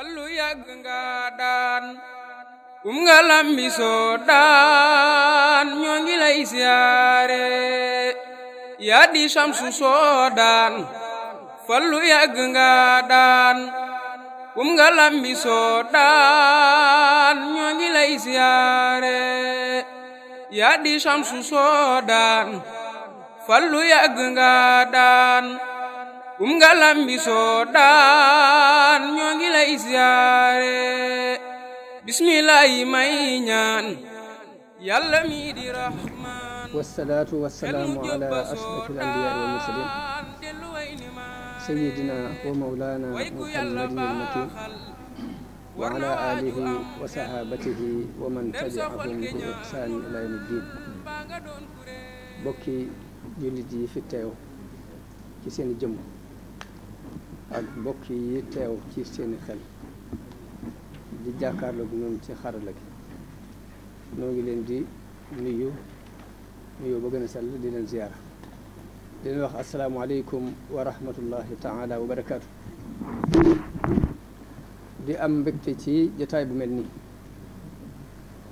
fallu yàgg nga daan um nga lambisoo daan ñoo ngi lay siyaare yaa di samsu soo daan fallu yàgg nga daan um nga lambisoo daan ñoo ngi lay siyaare yaa di samsu soo daan fallu yàgg nga daan kum nga lambi ñoo ngi lay siyaare bismillahi may ñaan yàlla mi di rahman wasalaatu wasalaamu ala ashrafil anbiyaa wa mawlana muhammadin al makin wa ala wa sahabatihi wa man tabi'ahum bi bokki jullit yi fi teew ci ak mbokk yi teew ci seeni xel di jàkkaarloo ak ñoom ci xarala gi noo ngi leen di nuyu nuyu ba gën a sell di leen ziyaara di wax asalaamaaleykum wa rahmatullahi taala wa di am mbégte ci jataay bu mel nii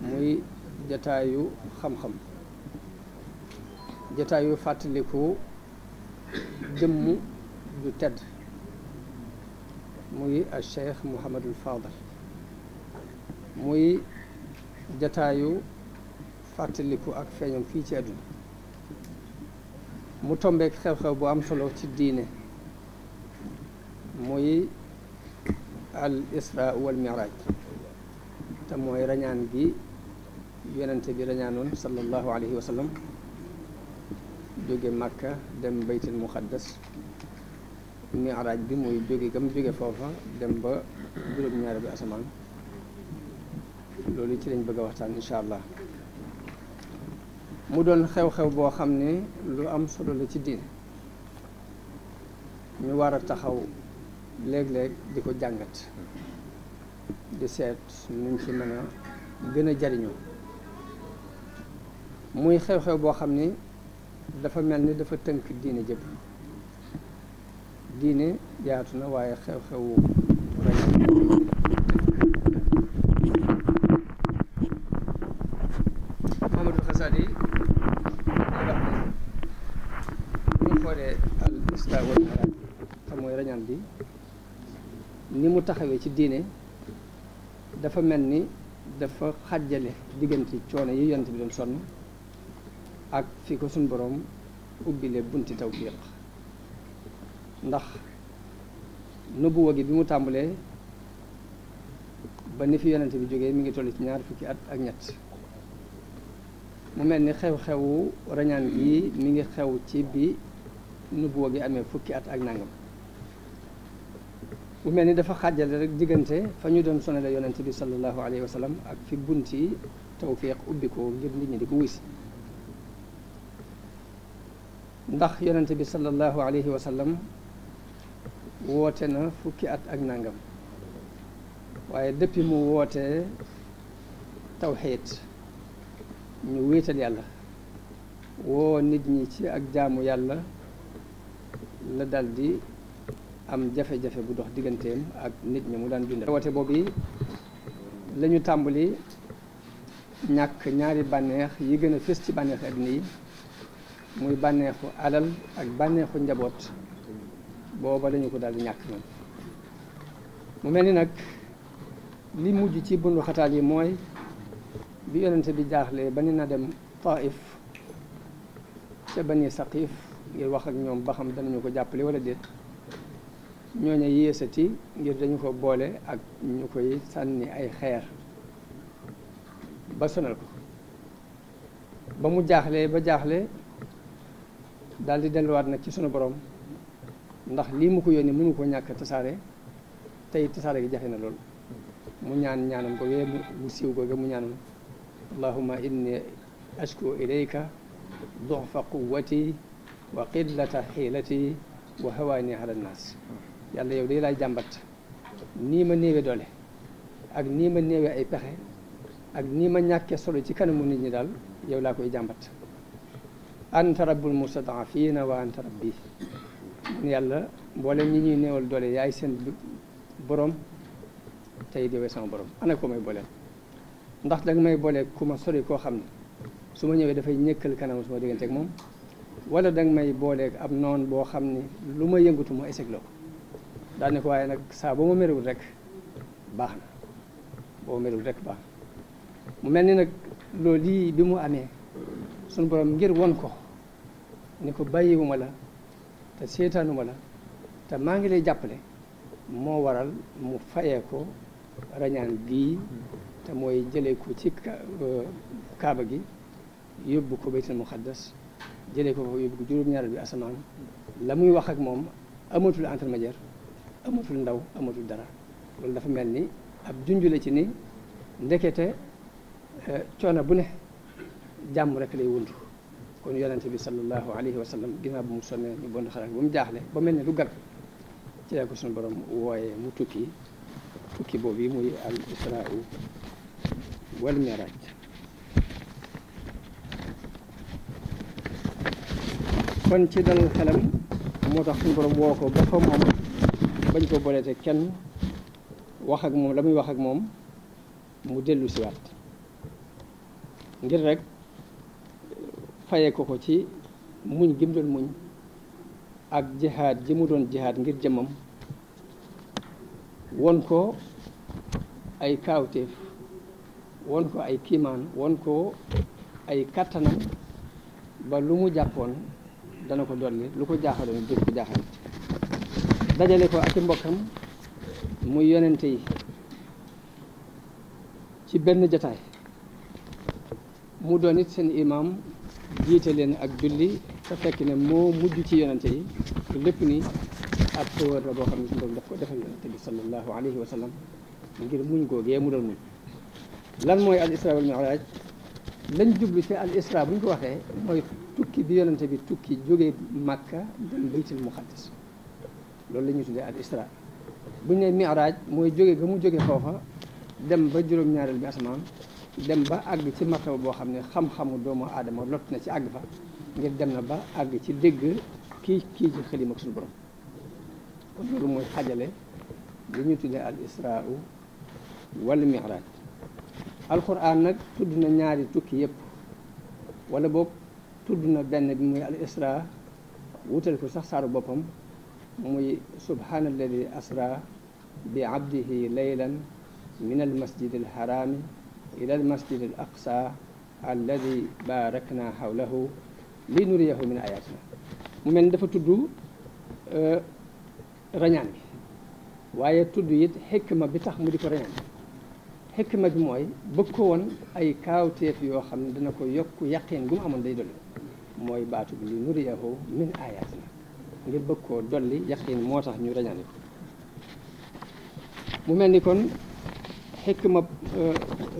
muy jataayu xam-xam jataayu fàttaliku jëmm ju tedd موي الشيخ محمد الفاضل موي جتايو فاتليكو اك فيوم في تي ادو مو تومبيك خيو خيو بو ام سولو تي دينه موي الاسراء والمعراج تموي رانان بي يونتي بي رانانون صلى الله عليه وسلم جوغي مكه دم بيت المقدس miraaj bi muy jóge gam jóge foofa dem ba juróom-ñaari bi asamaan loolu ci lañ bëgg a waxtaan incha allah mu doon xew-xew boo xam ne lu am solo la ci diin ñu war a taxaw léeg-léeg di ko jàngat di seet nuñ ci mën a gën a jariñoo muy xew-xew boo xam ni dafa mel ni dafa tënk diine jëpp diine yaatu na waaye xew-xewu rañaan Muhammadul yi day xoolee al islam wal xalaat xam mooy rañaan bi ni mu taxawee ci diine dafa mel ni dafa xàjjale diggante coono yi yonent bi doon sonn ak fi ko suñ boroom ubbile bunti tawfiq ndax nubuwa gi bi mu tàmbalee ba ni fi yonent bi jógee mi ngi toll ci ñaar fukki at ak ñett mu mel ni xew-xewu rañaan gi mi ngi xew ci bi nubuwa gi amee fukki at ak nangam bu mel ni dafa xaajale rek diggante fa ñu doon sonale yonent bi sallallahu alayhi wa sallam ak fi bunti tawfiq ubbi ko ngir nit di ko wis ndax yonent bi sallallahu alayhi wa sallam woote na fukki at ak nangam waaye dëpp mu woote tawxiid ñu wéetal yàlla woo nit ñi ci ak jaamu yàlla la daldi am jafe-jafe bu dox digganteem ak nit ñi mu daan dundal woote boobu lañu ñu tàmbali ñàkk ñaari bànneex yi gën a fës ci bànneexu àddina yi muy bànneexu alal ak bànneexu njaboot booba dañu ko daal di ñàkk ñoom mu mel ni nag li mujj ci bundu yi mooy bi yonente bi jaaxlee ba ni na dem Taif ca bani Saqif ngir wax ak ñoom ba xam danañu ko jàppale wala déet ñooñu yéesati ngir dañu ko boole ak ñu koy sànni ay xeer ba sonal ko ba mu jaaxlee ba jaaxle daldi di delluwaat nag ci sunu borom ndax lii mu ko yónnee mënu ko ñàkk tasaare tey tasaare gi jafe na lool mu ñaan ñaanam ko yee mu siiw ko mu ñaanam allahuma inni ashku ilayka dufa quwati wa qillata xiilati wa hawaani ala nnaas yàlla yow day laay jàmbat nii ma néewe doole ak nii ma néewe ay pexe ak nii ma ñàkkee solo ci kanamu nit ñi daal yow laa koy jàmbat anta rabbul mustadafina wa anta rabbi yàlla mboolem ñi ñuy néewal doole yaay seen boroom tey diwee sama borom ana ko may booleel ndax danga may booleek ku ma sori koo xam ne su ma ñëwee dafay ñëkkal kanam su ma diggante ak moom wala danga may booleek ab noon boo xam ne lu ma yëngatu mu ay la ko daane ko waaye nag saa boo ma merewul rek baax na boo ma rek baax mu mel ni nag loolu yi bi mu amee suñu borom ngir won ko ni ko bàyyiwuma la te seetaanuma la te maa ngi lay jàppale moo waral mu fayee ko rañaan gii te mooy jëlee ko ci euh, kaaba gi yóbbu ko baytul muqaddas jëlee ko foofu yóbbu ko juróom-ñaar bi asamaan la muy wax ak moom amatul intermédiaire amatul ndaw amatul dara loolu dafa mel ni ab junj la ci ni ndekete euh, coono bu ne jàmm rek lay wundu kon yonent bi sallallahu alayhi wa sallam ginnaaw bu mu sonnee ñu bon xalaat ba mu jaaxle ba mel ne du gar ci la ko suñu borom wooyee mu tukki tukki boobu yi muy al israa wal miraaj kon ci dal xelam moo tax suñu borom woo ko ba fa bañ ko boleete kenn wax ak moom la muy wax ak moom mu dellu siwaat ngir rek fayee ko ko ci muñ gim doon muñ ak jihaad ji mu doon jihaad ngir jëmmam won ko ay kaawteef won ko ay kiimaan won ko ay kattanam ba lu mu jàppoon dana ko dolli lu ko jaaxaloon du ko jaaxal dajale ko ak mbokkam muy yonente yi ci benn jataay mu doon it seen imaam jiite leen ak julli sa fekk ne moo mujj ci yonante yi lépp ni ab xéwal la boo xam ne suñu doom daf ko defal yonante bi sallallahu alayhi wa sallam ngir muñ googee mu doon muñ lan mooy al isra wal jublu ci al isra bu ñu ko waxee mooy tukki bi yonante bi tukki jógee Makka dem baytul muqaddas loolu la ñuy tuddee al isra bu ñu nee mi'raj mooy jóge ga mu jóge foofa dem ba juróom-ñaareel bi asamaan dem ba àgg ci martaba boo xam ne xam-xamu doomu aadama lott na ci àgg fa ngir dem na ba àgg ci dégg kii kii ci xëlim ak suñu borom kon loolu mooy xajale li ñu tuddee al israa wala miraaj alquran nag tudd na ñaari tukki yëpp wala boog tudd na benn bi muy al isra wutal ko sax saaru boppam muy subhaanalladi asra bi abdihi laylan min al masjid al harami إلى المسجد الأقصى الذي باركنا حوله لنريه من آياتنا mu mel ni dafa tudd euh, rañaan bi waaye tudd yit xikma bi tax mu di ko rañaan xikma bi mooy bëgg ko woon ay kaawteef yoo xam ne dana ko yokk yaqeen gu mu amoon day dolli mooy baatu bi li nuriyahu min ayatina ngir bëgg koo dolli yaqeen moo tax ñu rañaane ko mu mel ni kon ma euh,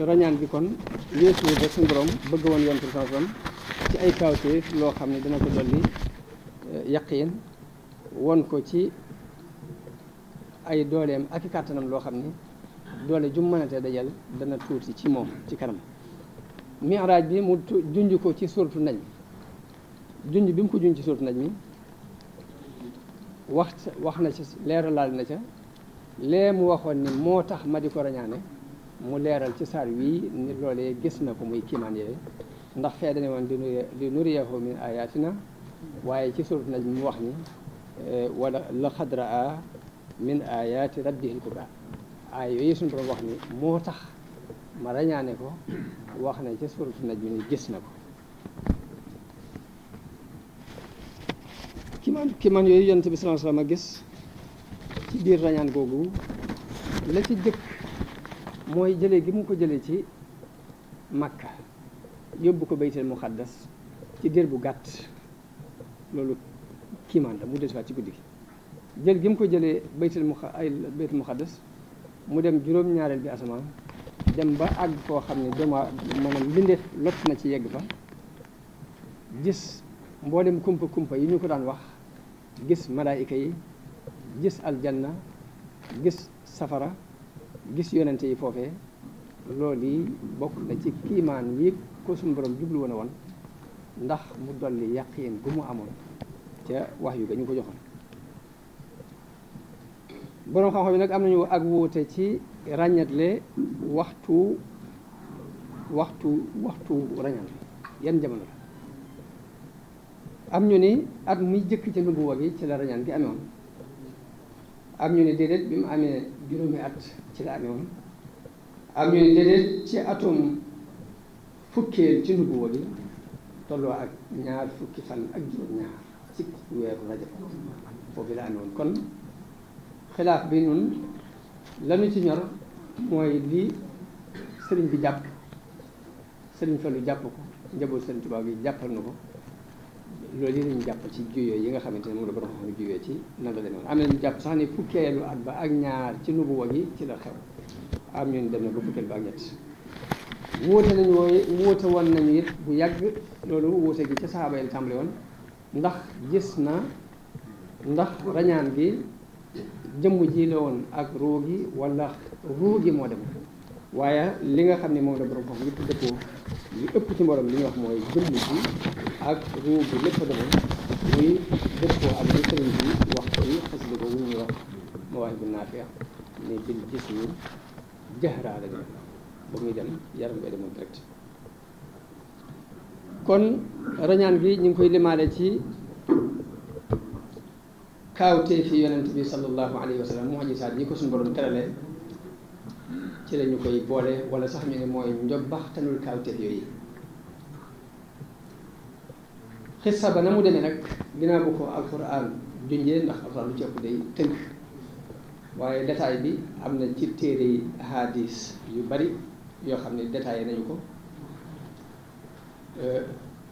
rañaan bi kon yeesu ba suñu borom bëgg woon yontu saasam ci ay kawteef loo xam ne dana ko dolli euh, yaqiin won ko ci ay dooleem ak i loo xam ne doole ju dajal dana tuuti ci moom ci kanam miraaj bi mu junj ko ci suurtu nañ junj bi mu ko junj ci suurtu naj mi wax wax na ci leeralaal na ca lee mu waxoon ni moo tax ma di ko rañaane mu leeral ci saar wii ni loolee gis na ko muy kiimaan yooyu ndax fee dane woon li nuriyahu min ayatina waaye ci surat naj mu wax ni eh, wala la xadra a min ayati rabbihil kubra wax ni moo tax ma rañaane ko wax na ci surat naj mi ni gis na ko kiimaan kiimaan yooyu yonent bi sallallahu alayhi wasallam a gis ci biir rañaan googu la ci jëkk mooy jëlee gi mu ko jëlee ci Makka yóbbu ko baytal muqaddas ci diir bu gàtt loolu kiimaan la mu desuwaat ci guddi gi jël ko jëlee baytal mu ay baytal muqaddas mu dem juróom-ñaareel bi asamaan dem ba àgg koo xam ne doomu maanaam mbindeef lott na ci yegg fa gis mboolem kumpa kumpa yi ñu ko daan wax gis malaayika yi gis aljanna gis safara gis yonente yi foofee lool yi bokk na ci kiimaan yi ko suñu borom jublu woon a woon ndax mu dolli yaqiin bu mu amoon ca wax yu ga ñu ko joxoon boroom xam-xam yi nag am nañu ak wuute ci ràññatle waxtu waxtu waxtu ràññal yan jamono la am ñu ni at muy jëkk ci nubuwa gi ci la ràññaan gi amewoon am ñu ne déedéet bi mu amee juróomi at ci la amee woon am ñu ne déedéet ci atum fukkeel ci ndugu woo tolloo ak ñaar fukki fan ak juróom-ñaar ci weeru rajab foofu la amee kon xilaaf bi nun lanu ci ñor mooy lii sëriñ bi jàpp sëriñ Fallu jàpp ko njaboot sëriñ Tuubaa bi jàppal na ko loolu yi lañu jàpp ci juyoo yi nga xamante ne moom la borom xam juyoo ci nan la demoon am nañu jàpp sax ne fukkeelu at ba ak ñaar ci nubu wa gi ci la xew am ñun dem na ba fukkeel ba nañu wooyu bu yàgg loolu wuute gi ci saaba yi tàmbali woon ndax gis na ndax rañaan gi jëmm ji la woon ak ruu gi wala gi moo dem waaye li nga xam ne moom la borom xam yëpp dëppoo li ëpp ci mborom li ñuy wax mooy jëmm ji ak réew bi lépp demoon muy dëppoo ak li sëriñ bi wax ci xasida ko wu ñuy wax mawaay bi naafia ne bil gis ñu jaxraa la ba muy dem yaram bi demoon direct kon rañaan gi ñu ngi koy limaale ci kaawtee fi yonent bi sallallahu alayhi wa sallam mujisaat yi ko suñu borom terale ci la ñu koy boole wala sax ñu ne mooy njobbaxtanul kaawteef yooyu xissa na mu deme nag ginnaaw bu ko alxuraan junjee ndax alxuraan lu ci ëpp day tënk waaye détail bi am na ci téere hadis yu bari yoo xam ne détaillé nañu ko euh,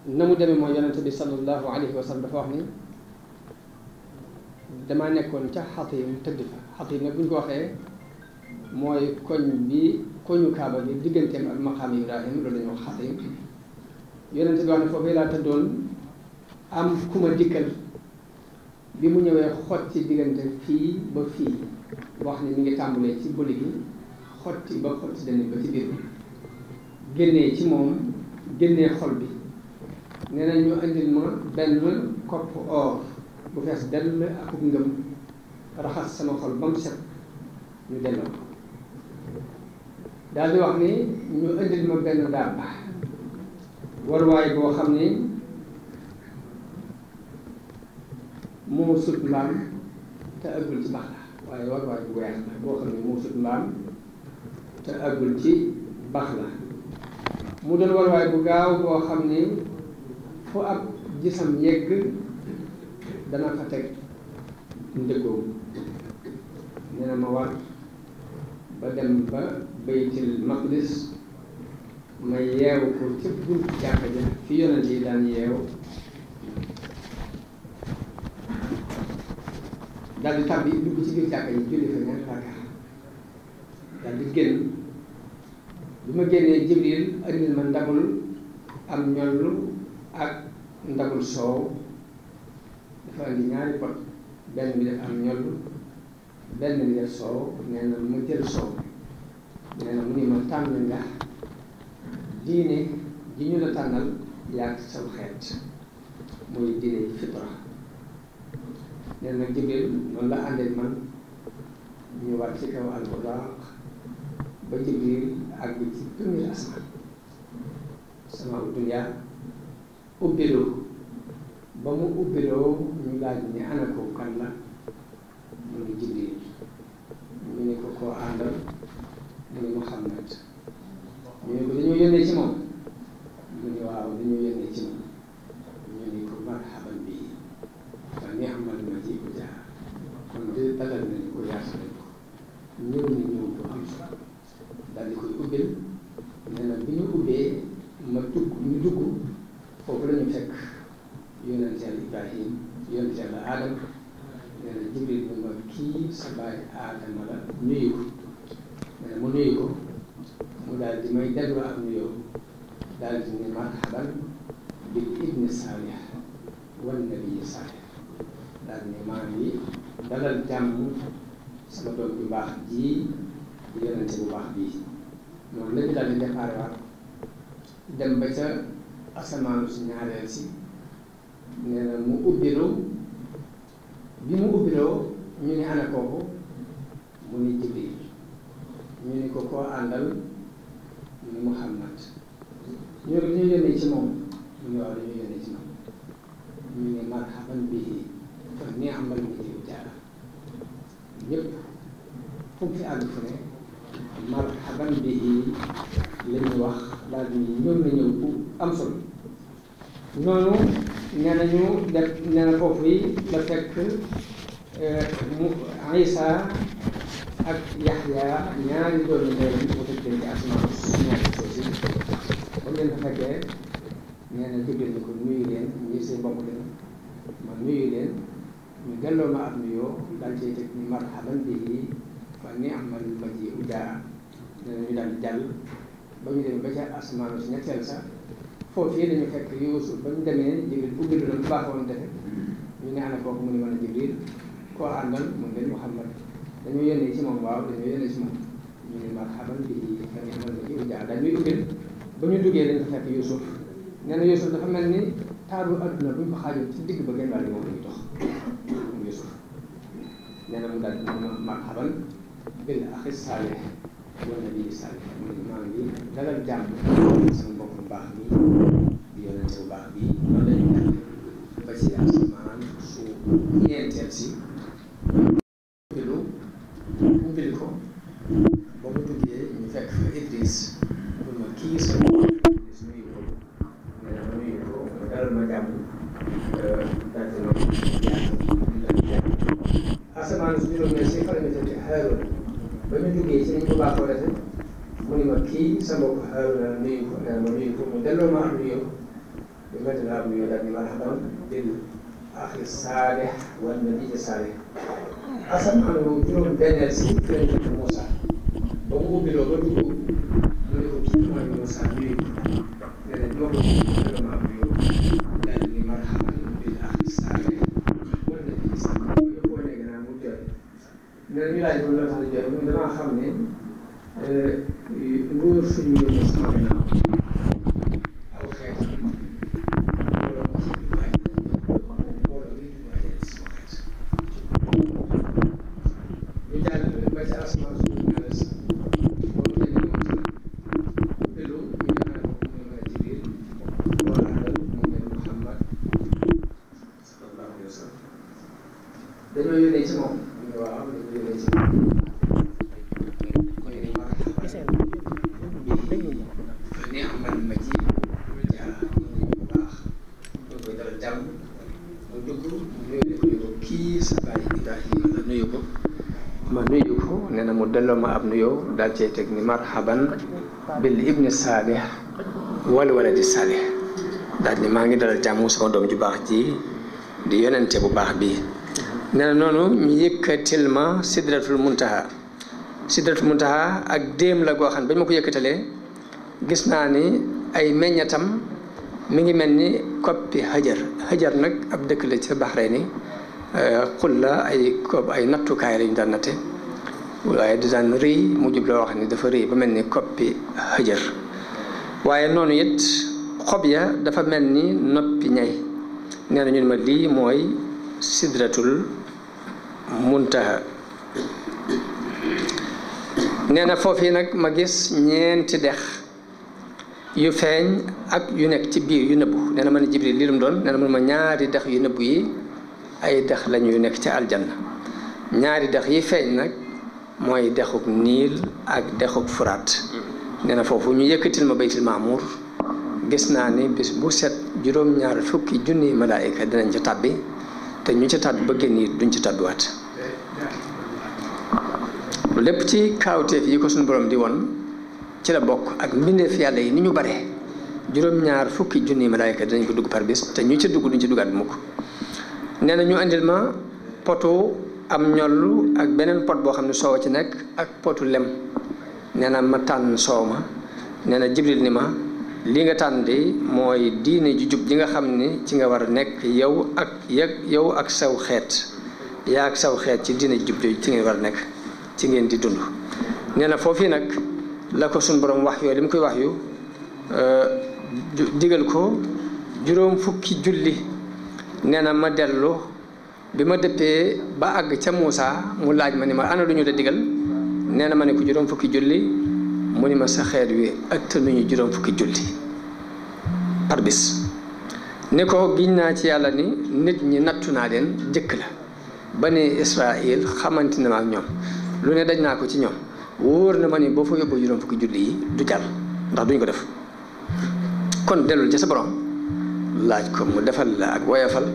na mu demee mooy yonente bi sallallahu alayhi wa wax ni damaa nekkoon ca xatim tëdd fa xatim nag bu ñu ko waxee mooy koñ bi koñu kaaba bi digganteem ak maqaam Ibrahim loolu la ñu wax xatim yonente bi wax ne foofu laa tëddoon am ku ma dikkal bi mu ñëwee xotti diggante fii ba fii wax ne mi ngi tàmbalee ci bëli bi xotti ba xotti dana ba ci biir génnee ci moom génnee xol bi nee na ñu indil ma benn kopp or bu fees dell akub ngëm raxas sama xol ba mu set ñu delloo ko daal wax ni ñu indil ma benn dàmba warwaay boo xam ni moo sut mbaam te àggul ci baxla waaye war waay bu weex la boo xam ne moo sut mbaam te àggul ci baxla mu doon war waay bu gaaw boo xam ne fu ab gisam yegg dana fa teg ndëggoom nee na ma war ba dem ba baytil maqdis ma yeewu ko ca buntu jàkka ja fi yonent yi daan yeewu daal di tàbbi dugg ci biir jàkka yi julli fa ñaari rakka daal di génn bi ma génnee jibril andil ma ndabul am ñollu ak ndabul soow dafa andi ñaari pot benn bi def am ñollu benn bi def soow nee na ma jël soow nee na mu ni ma tànn nga diine ji ñu la tànnal yàgg saw xeet mooy diine fitra nee na jigéen noonu la àndee man ñu wàcc ci kaw alxuraan ba Jibril àgg ci premier asamaan sama duniyaa ubbiloo ba mu ubbiloo ñu laaj ne ana ko kan la mu ngi Jibril ñu ne ko koo àndal mu ne Muhammad ñu ne ko dañoo yónnee ci moom wan na bi sax daal ni maa ngi dalal jàmm sama doom bu baax ji di yonente bu baax bi noonu lañu daal di déparé waat dem ba ca asamaanu si ñaareel si nee na mu ubbiloo bi mu ubbiloo ñu ne ana kooku balaa nuyoo daal cay teg ni marhaban bihi wa ni'mal majii'u jaa ñu daal di jàll ba ñu dem ba ca asmaanu si ñetteel sax foofu yi dañu fekk Yuusuf ba ñu demee Jibril ubbi la bu baaxoon defe ñu ne ana kooku mu ne mën a Jibril koo àndal ne dañoo yónnee ci wa ni'mal majii'u jaa dañuy ubbil ba ñu duggee dañu fekk Yuusuf nee na Yuusuf dafa mel ni taaru adduna bu ñu ko xaajoon ci digg ba gën wàll moom la ñu dox nee na mu marhaban bil axi saalih wal nabii saalih mu ne maa dalal jàmm sama mbokk bu baax bi di yonent bu baax bi loolu la ñuy ba ci ak maanaam su ñeenteel si ba mu jógee ci dañ ko baaxoo defe mu ne ma kii sa mbokk Haaruna euh, nuyu ko naan euh, ma nuyu ko mu delloo ma am nuyoo bi ma delloo am nuyoo daal di marhaban bil axi saalih wal nabiyyi saalih asamaan boobu juróom benneel si kër Moussa ba mu ubbiloo ba dugg léegi ñu laaj ba mu la tax a jóg danaa xam ne nguur suñu yëngu mu delloo ma ab nuyoo daal cay teg ni marhaban bil ibni saalih wal di saalih daal ni maa ngi dalal jàmm sama doom ju baax ji di yonente bu baax bi nee na noonu ñu yëkkatil ma sidratul muntaha sidratul muntaha ak déem la goo xam ne bañ ma ko yëkkatalee gis naa ni ay meññatam mi ngi mel ni koppi hajar hajar nag ab dëkk la ca Bahrayn ni eh, xul la ay kopp ay nattukaay lañu daan natte waaye du daan rëy mu jubloo wax ni dafa rëy ba mel ni koppi xëjër waaye noonu it xob ya dafa mel ni noppi ñay nee ñun ma lii mooy sidratul muntaha nee na foofii nag ma gis ñeenti dex yu feeñ ak yu nekk ci biir yu nëbbu nee na ma ne jibril lii lu doon nee na ma ñaari dex yu nëbbu yi ay dex lañu yu nekk ci aljan ñaari dex yi feeñ nag mooy dexub niil ak dexub furaat nee na foofu ñu yëkkatil ma baytil maamuur gis naa ni bis bu set juróom-ñaar fukki junni malaayika dinañ ci tàbbi te ñu ci tàdd ba génn duñ ci tàbbiwaat lépp ci kaawteef yi ko suñu borom di woon ci la bokk ak mbindeef yàlla yi ni ñu bare juróom-ñaar fukki junni malaayika dinañ ko dugg par bis te ñu ci dugg duñ ci duggaat bi mukk nee na ñu andil ma poto am ñollu ak beneen pot boo xam ne soow ci nekk ak potu lem nee na ma tànn soow ma nee na jibril ni ma li nga tànn de mooy diine ju jub ji nga xam ni ci nga war a nekk yow ak yëg yow ak saw xeet yaa ak saw xeet ci diine ju jub de ci ngeen war a nekk ci ngeen di dund nee na foofii nag la ko suñ borom wax yoo li mu koy wax yu euh, digal ko juróom fukki julli nee na ma dellu bi ma dëppee ba àgg ca Moussa mu laaj ma ni ma ana lu ñu la digal nee ma ne ko juróom fukki julli mu ni ma sa xeet wi ëtt nañu juróom fukki julli par bis ni ko giñ naa ci yàlla ni nit ñi nattu naa leen jëkk la ba ni Israël xamante na ma ak ñoom lu ne daj naa ko ci ñoom wóor na ma ni boo fa yóbbu juróom fukki julli yi du jàll ndax duñ ko def kon dellu ci sa borom laaj ko mu defal la ak woyofal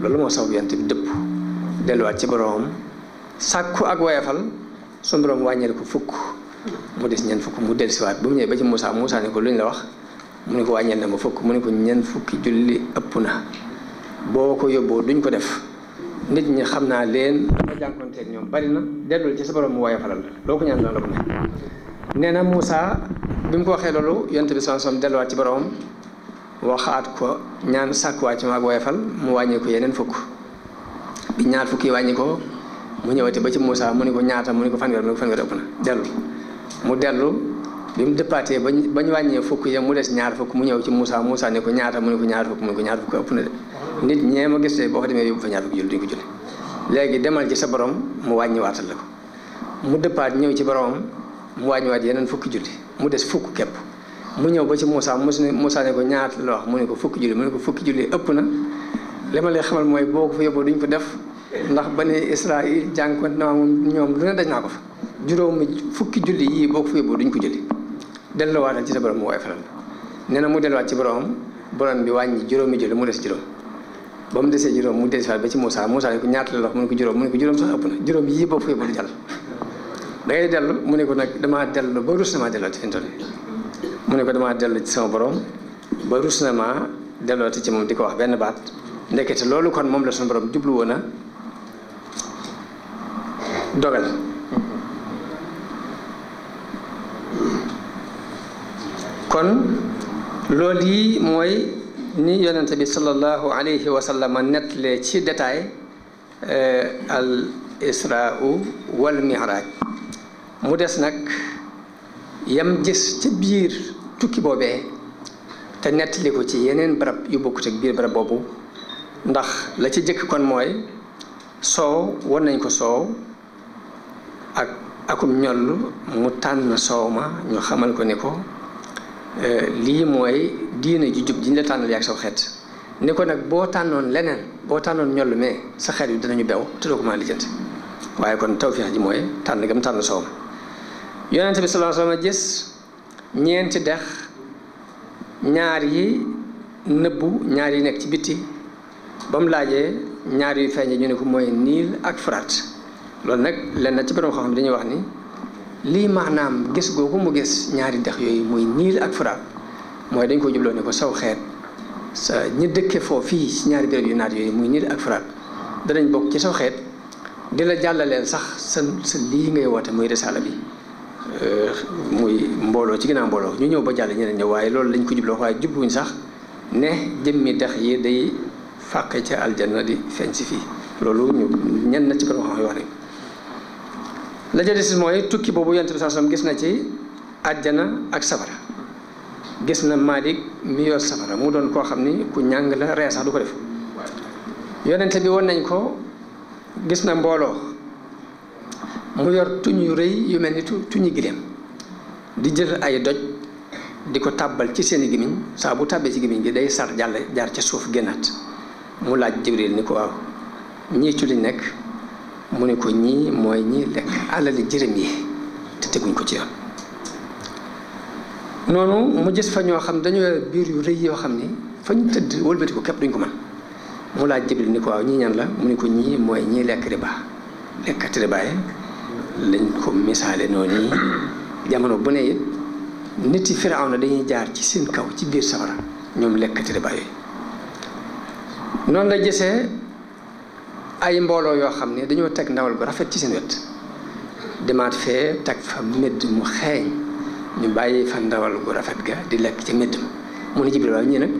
loolu moo saw yant bi dëpp delluwaat ci boroom sàkku ak wayafal suñu boroom wàññeel ko fukk mu des ñeent fukk mu dellusiwaat bu mu ñëwee ba ci Moussa Moussa ni ko lu ñu la wax mu ne ko wàññeel na ma fukk mu ne ko ñeent fukki julli ëpp na boo ko yóbboo duñ ko def nit ñi xam naa leen dama jànkoonteeg ñoom bari na dellul ci sa borom mu wayafalal loo ko ñaan la la mu ne nee na Moussa bi mu ko waxee loolu yant bi sallallahu alayhi wasallam delluwaat ci boroom waxaat ko ñaan sàkkuwaat ci maag woyofal mu wàññi ko yeneen fukk bi ñaar fukk yi wàññi ko mu ñëwati ba ci Moussa mu ni ko ñaata mu ni ko fanweer mu ni ko fanweer ëpp na dellu mu dellu bi mu dëppaatee bañ bañ wàññee fukk yi mu des ñaar fukk mu ñëw ci Moussa Moussa ne ko ñaata mu ni ko ñaar fukk mu ni ko ñaar fukk ëpp na de nit ñee ma gis boo fa demee yóbbu fa ñaar fukk jullit ko julli léegi demal ci sa borom mu wàññiwaatal la ko mu dëppaat ñëw ci boromam mu wàññiwaat yeneen fukki julli mu des fukk képp mu ñëw ba ci Moussa Moussa ne ko ñaata la wax mu ne ko fukki julli mu ne ko fukki julli ëpp na li ma lay xamal mooy boo ko fa ko def ndax bani Israël jànkuwante na ñoom lu ne naa ko fa juróomi fukki julli yii boo ko fa yóbboo duñ ko julli ci sa borom nee na mu delluwaat ci borom borom bi wàññi juróomi julli mu des juróom ba mu desee juróom mu des ba ci Moussa Moussa ne ko ñaata la wax mu ne juróom mu ne ko juróom sax ëpp na juróom yii boo ko fa yóbboo du jàll da ngay dellu mu ne ko nag damaa dellu ba rus damaa delluwaat fi mu toll mu ne ko damaa dellu ci sama borom ba rus na maa dellooti ci moom di ko wax benn baat ndekete loolu kon moom la suñu borom jublu woon kon loolu yi mooy ni yonente bi sallallahu alayhi wa ci détail euh, al isra'u wal mi'raj mu des nag yam gis ca biir tukki boobee te nettali ko ci yeneen barab yu bokkut ak biir barab boobu ndax la ca jëkk kon mooy soow war nañ ko soow ak akum ñoll mu tànn soow ma ñu xamal ko ne ko euh, lii mooy diine ju jub ji ñu la tànnal ak saw xeet ni ko nag boo tànnoon leneen boo tànnoon ñoll mais sa xeet yu dinañu bew te doo ko mën a lijjanti waaye kon tew tawfeex ji mooy tànn gam tànn soow ma yonent bi sallallahu alayhi wasallam gis ñeenti dex ñaar yi nëbbu ñaar yi nekk ci bitti ba mu laajee ñaar feeñ feeñee ñu ne ko mooy niil ak frat loolu nag lenn ci borom xam-xam dañuy wax ni lii maanaam gis googu mu gis ñaari dex yooyu muy niil ak furaat mooy dañ ko jubloo ne ko saw xeet sa ñi dëkkee foofu fii ci ñaari béréb yu naat yooyu muy niil ak furaat danañ bokk ci saw xeet di la jàllaleel sax sa sa lii ngay woote muy risaala bi muy mbolo ci gina mbolo ñu ñew ba jall ñeneen ñi waaye loolu lañ ko jublo waaye jubluñ sax ne jëmmi tax yi day fàqe ci aljanna di fenc fi loolu ñu ñen na ci ko xam wax ne la ca des mooy tukki boobu yonte bi saasam gis na ci àjjana ak safara gis na malik mi yo safara mu doon ko xamni ku ñang la ree sax du ko def yonente bi won nañ ko gis na mbolo mu yor tuñ yu rëy yu mel ni tuñu gileem di jël ay doj di ko tàbbal ci seeni gémmiñ saa bu tàbbee ci gimiñ gi day sar jàll jaar ci suuf génnaat mu laaj Jibril ni ko waaw ñii ci liñ nekk mu ne ko ñii mooy ñii lekk alali yi te teguñ ko ci yoon mu gis fa ñoo xam dañoo biir yu yoo xam ni fa tëdd wëlbati képp duñ ko mën mu laaj Jibril ni ko ñii ñan la mu ne ko ñii mooy ñii lekk riba lekkati riba yi lañ ko misaale noonu jamono bu ne it nit yi firaw na dañuy jaar ci seen kaw ci biir safara ñoom lekkati riba yooyu noonu la gisee ay mbooloo yoo xam ne dañoo teg ndawal gu rafet ci seen wet demaat fee teg fa medd mu xeeñ ñu bàyyi fa ndawal gu rafet ga di lekk ci medd mu ne Jibril waaw ñii nag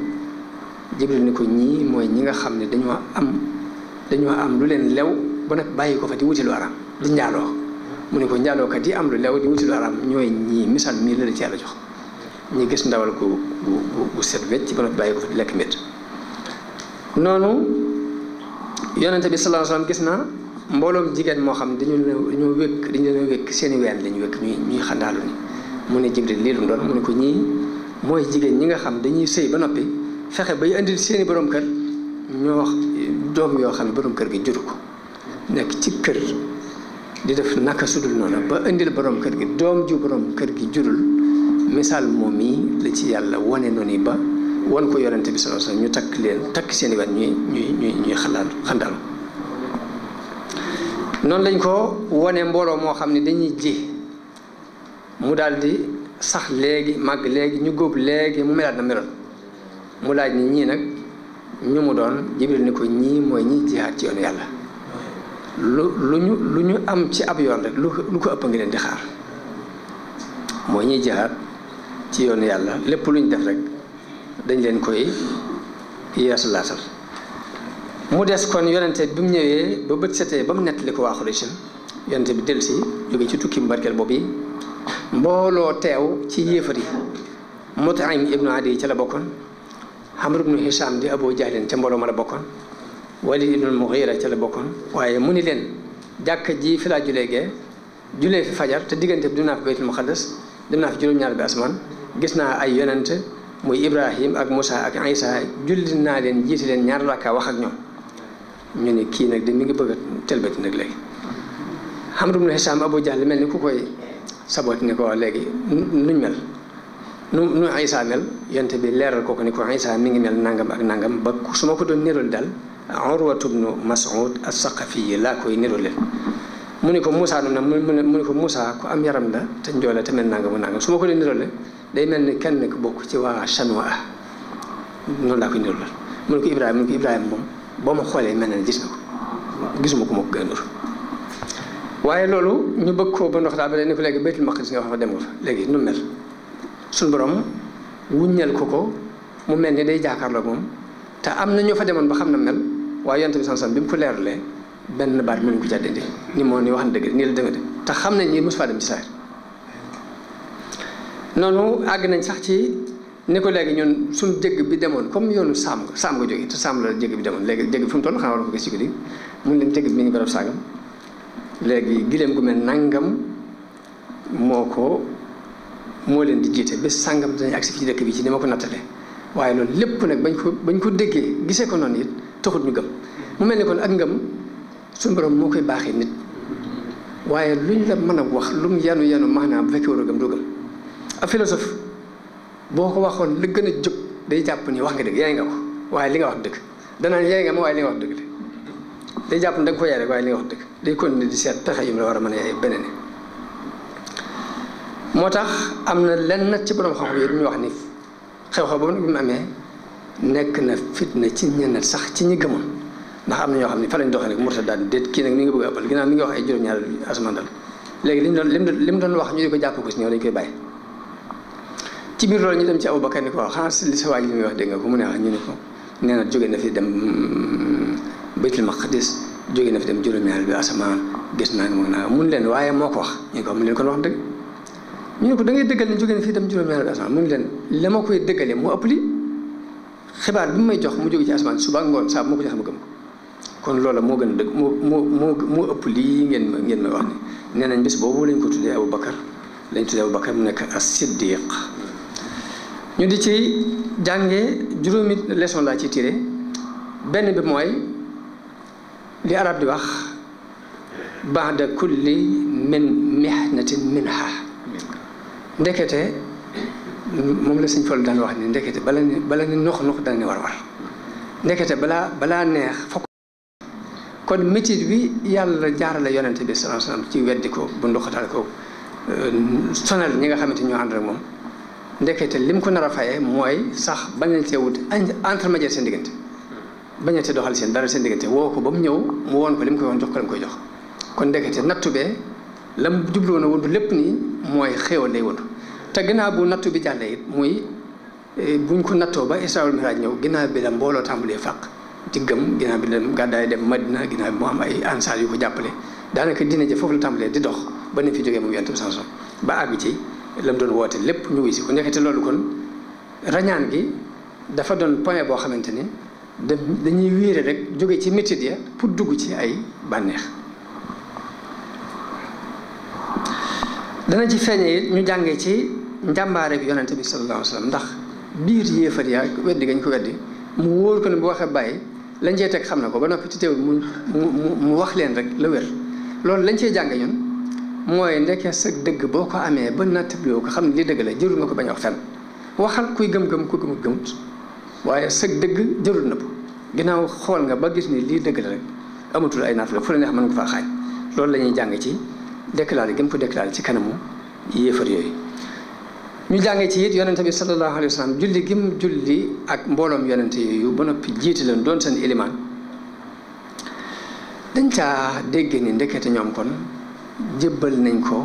Jibril ni ko ñii mooy ñi nga xam ne dañoo am dañoo am lu leen lew ba nag bàyyi ko fa di wuti lu araam di njaaloo mu ne ko njaalookat yi am lu leew di wuti lu araam ñooy ñii misaal mii la la jox ñi gis ndawal ko gu gu set wecc ba noppi bàyyi ko fa bi sallallahu gis na mbooloom jigéen moo xam dañu dañu leen wékk seen i ween lañu wékk ñuy ñuy xandaalu ni mu ne Jibril lii lu doon mu ne mooy jigéen ñi nga xam dañuy sëy ba noppi fexe bay indil seen i borom kër ñoo doom yoo xam ne borom kër gi juru ko nekk ci kër di def naka sudul noonu ba indil boroom kër gi doom ju borom kër gi jurul misaal moom mii la ci yàlla wane noonu ba won ko yonente bi sallallahu alayhi ñu takk leen takk seen i wet ñuy ñuy ñuy ñuy xalaat xandal noonu lañ ko wone mbooloo moo xam ne dañuy ji mu daldi sax léegi màgg léegi ñu góob léegi mu melaat na meloon mu laaj ni ñii nag ñu mu doon Jibril ni ko ñii mooy ñiy jihaat ci yoonu yàlla lu lu ñu lu ñu am ci ab yoon rek lu ko ëpp ngi leen di xaar mooy ñuy jihaat ci yoon yàlla lépp luñ def rek dañ leen koy yeesu laatal mu des kon yonente bi mu ñëwee ba bët setee ba mu nettali ko waa Xuraysh yonente bi dellusi jóge ci tukki mu barkeel boobu yi mbooloo teew ci yéefar yi Mut'im ibnu Adi ca la bokkoon Amr ibnu Hisham di Abu Jahlin ca mbooloo ma la bokkoon وليد بن المغيرة تلا وهي موني لين جاك جي فلا جلعه جلعه في فجر تدقن تبدونا في بيت المخدس دمنا في جلو نيال بأسمان جسنا أي يونانت مو إبراهيم أك موسى أك عيسى جلدنا لين جيت لين نيال لك وخد نيوم نيوني كي نك دي ميجي بغت تلا بيت نيجي حمر بن حسام أبو جهل ملني كو كوي سبوت نيكو لغي نيمل نو عيسى مل يونت لير كو كو عيسى ميجي مل نانغام أك نانغام بك سمكو دون نيرو دال urwatu bnu mas'ud as-saqafi yi laa koy nirole mu ne ko musaa noonu nag mu ne mu ko am yaram la te njoole te mel naa nangam su ma ko dee nirole day mel ni kenn ku bokk ci waa Chanwa noonu laa koy nirole mu ne ko Ibrahima mu ne ko Ibrahima moom boo ma xoolee mel na ne gis na ko gisuma ko ma ko gën nur waaye loolu ñu bëgg koo ba ndox daal ba léegi ne ko léegi baytul maqdis nga wax fa dem nga fa léegi nu mel suñu borom wuññal ko ko mu mel ni day jaakaarloo moom. te am na ñoo fa demoon ba xam na mel waaye yonent bi sansan bi mu ko leeralee benn baat mënuñ ko ca dindi ni moo ni wax na dëgg nii la demee de te xam nañ ni mosu faa dem ci saayir noonu àgg nañ sax ci ni ko léegi ñun suñu bi demoon comme yoonu saam nga saam nga jógee te la jëgg bi demoon léegi jëgg bi fu mu toll xanaa war ko gis ci guddi mun leen jëgg bi mi ngi barab sàngam léegi gileem gu mel nangam moo ko moo leen di jiite bés sàngam dinañ agsi fii ci dëkk bi ci ni ma ko nattalee waaye loolu lépp nag bañ ko bañ ko déggee gisee ko noonu it taxut ñu gëm mu mel ni kon ak ngëm suñu borom moo koy baaxee nit waaye luñ la mën a wax lu mu yanu yanu maanaam bu fekkee war a gëm doo gëm ab boo ko waxoon li gën a jóg day jàpp ni wax nga dëgg yaay nga waaye li nga wax dëgg danaa yaay nga ma waaye li nga wax dëgg day jàpp ni da nga ko waaye li nga wax dëgg day continuer di seet pexe yu mu la war a mën a yaay beneen moo tax am na lenn ci borom xam-xam yi ñu wax ni xew-xew boobu nag bi mu amee nekk na fitna ci ñenn sax ci ñi gëmoon ndax am na ñoo xam ne fa lañ doxee nag murta daal déet kii nag mi nga bëgg a ëppal ginnaaw mi ngi wax ay juróom-ñaar asamaan doon li mu doon wax ñu di ko jàpp ko si ñëw dañ ci biir loolu ñu dem ci Aboubacar ni ko xanaa li sa waaj li wax dégg nga ko mu ne ñu ni ko nee na jóge na fi dem mm, baytul maqdis jóge na fi dem juróom-ñaar bi asamaan gis naa ne mu naa mun leen waaye moo ko wax ñu ko mu leen kon wax dëgg ñu ko da ngay dëggal ni jóge na fii dem juróom-ñaari asamaan mu ngi leen la ma koy dëggalee mu ëppli xibaar bi mu may jox mu jóge ci asamaan suba ngoon saa bu ko jox ma gëm kon loola moo gën a dëgg moo moo moo moo ëpp lii ngeen ma ngeen ma wax ni nee nañ bés boobu lañ ko tuddee Abu Bakar lañ tuddee Abu Bakar mu nekk as siddiq ñu di ci jàngee juróomi leçon laa ci tiré benn bi mooy li arab di wax baax de kulli min mihnatin minha ndekete moom la suñ fol daan wax ni ndekete bala ni bala ni nox nox daan ni war war ndekete balaa balaa neex fokk kon métit bi yàlla jaarale yonente bi sallallahu alayhi wasallam ci ko bu ndoxatal ko euh, sonal ñi nga xamante ñoo ànd ak moom ndekete lim ko nar a fayee mooy sax bañ see wut intermédiaire seen diggante bañ see doxal seen dara seen diggante woo ko ba mu ñëw mu woon ko lim koy woon jox ko lim koy jox kon ndekete nattu bee lam jubloon a wundu lépp nii mooy xéewal lay wundu te ginnaaw bu nattu bi jàllee it muy eh, buñ ko nattoo ba israel miraaj ñëw ginnaaw bi la mbooloo tàmbalee fàq diggam ginnaaw bi la gàddaay dem madina ginnaaw bi mu am ay ansaar yu ko jàppale daanaka dina ja foofu la tàmbalee di dox ba ne moom yonent bi ba àgg ci lam doon woote lépp ñu wuy si ko te loolu kon rañaan gi dafa doon point boo xamante ni dañuy wéere rek jóge ci métit ya pour dugg ci ay bànneex dana ci feeñe it ñu jàngee ci njàmbaare bi yonente bi sallallahu alayhi wa sallam ndax biir yéefar yaa weddi gañ ko weddi mu wóor ko ne bu waxee bàyyi lañ cee teg xam na ko ba noppi ci teewul mu mu mu wax leen rek la wér loolu lañ cee jànge ñun mooy ndekkee dëgg boo ko amee ba nattablioo ko xam ne li dëgg la ko bañ wax fenn waxal kuy gëm-gëm ku gëmut gëmut waaye sa dëgg jërul na ko ginnaaw xool nga ba gis ni lii dëgg rek amatul ay naaf la fu la neex mën loolu la ñuy jàng ci déclaré gëm ko déclaré ci kanamu yéefar yooyu ñu jànge ci it yonente bi sallallahu alayhi wa sallam julli gim julli ak mbooloom yonente yooyu ba noppi jiite leen doon seen ilimaan dañ caa dégg ni ndekete ñoom kon jébbal nañ ko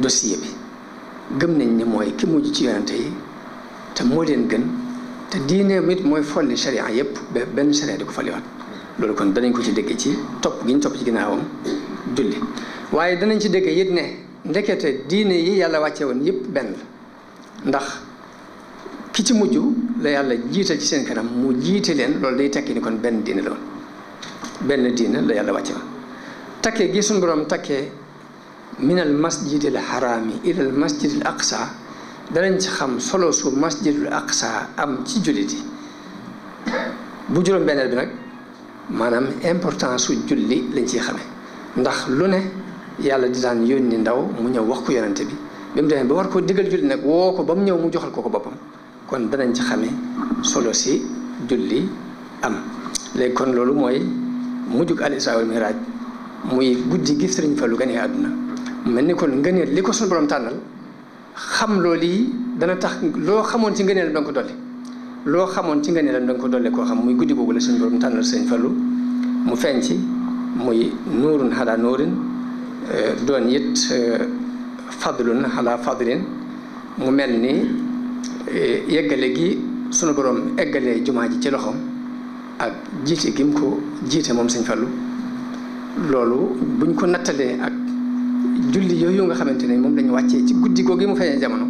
dossier bi gëm nañ ni mooy ki mujj ci yonente yi te moo leen gën te diine mit mooy folli sharia yépp benn sharia di ko folliwaat loolu kon danañ ko ci dégg ci topp gi ñu topp ci ginnaawam julli waaye danañ ci dégg it ne ndekete diine yi yàlla wàcce woon yëpp benn la ndax ki ci mujj la yàlla jiital ci seen kanam mu jiite leen loolu day tekki ni kon benn diine la benn diine la yàlla wàcce woon takkee gi suñu borom takkee min al la xaraami ila al masjidil aqsa danañ ci xam solo su masjidul aqsa am ci jullit yi bu juróom-benneel bi nag maanaam importance su julli lañ ci xamee ndax lu ne yàlla di daan ni ndaw mu ñëw wax ko yonente bi bi ba war koo digal julli nag woo ko ba mu ñëw mu joxal ko ko boppam kon danañ ci xamee solo si julli am léegi kon loolu mooy mujjug al isra wal miraaj muy guddi gi sëriñ Fallu gane àdduna mel ni kon ngëneel li ko suñu borom tànnal xam loolu yi dana tax loo xamoon ci ngëneelam da nga ko dolli loo xamoon ci ngëneelam da nga ko dolli koo xam muy guddi googu la suñu borom tànnal sëriñ falu mu feeñ ci muy nuurun xadaa nuurin doon it eh, fadlun ala fadlin mu mel ni eh, yeggale gi sunu borom eggalee jumaa ji ci loxoom ak jiite gi mu ko jiite moom sëñ Fallu loolu buñ ko nattalee ak julli yooyu nga xamante ne moom lañu wàccee ci guddi gi mu feeñee jamono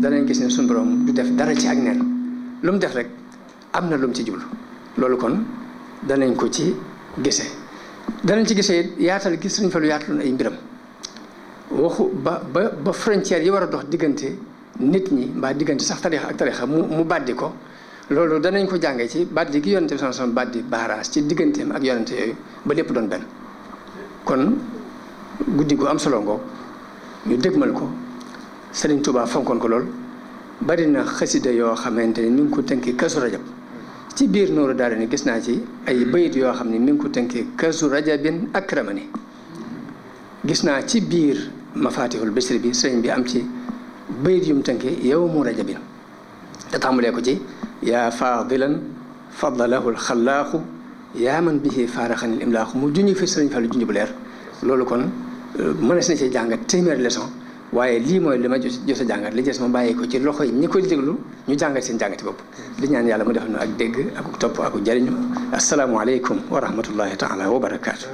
danañ gis ne sunu borom du def dara ci ak neen lu mu def rek am na lu mu ci jublu loolu kon danañ ko ci gise danañ ci gisee yaatal gis Sëriñ Fallu yaataloon ay mbiram waxu ba ba ba frontière yi war a dox diggante nit ñi mbaa diggante sax tarixa ak tarixa mu mu bàddi ko loolu danañ ko jàngee ci bàddi gi yonente bi sama sama bàddi baaraas ci digganteem ak yonente yooyu ba lépp doon benn kon guddi gu am solo ngoog ñu dégmal ko Sëriñ Tuubaa fonkoon ko lool bari na xasida yoo xamante ne ñu ngi ko tënki Kazu Rajab ci biir nooru daara ni gis naa ci ay bayit yoo xam ne mi ngi ko tënkee kazu rajabin akramani gis naa ci biir mafatihul bisri bi sëñ bi am ci bayit yu mu tënkee yow mu rajabin te tàmbalee ko ci yaa faadilan fadalahul xallaaxu yaa man bihi faaraxanil imlaaxu mu junj fi sëñ Fallu junj bu leer loolu kon mënees na ci jàng téeméeri leçon waaye lii mooy li ma jot a jàngat li des ma bàyyi ko ci loxo yi ñi koy déglu ñu jàngat seen jàngati bopp di ñaan yàlla mu defal na ak dégg ak topp ak jariñu asalaamualeykum wa rahmatullahi taala wa barakaatu.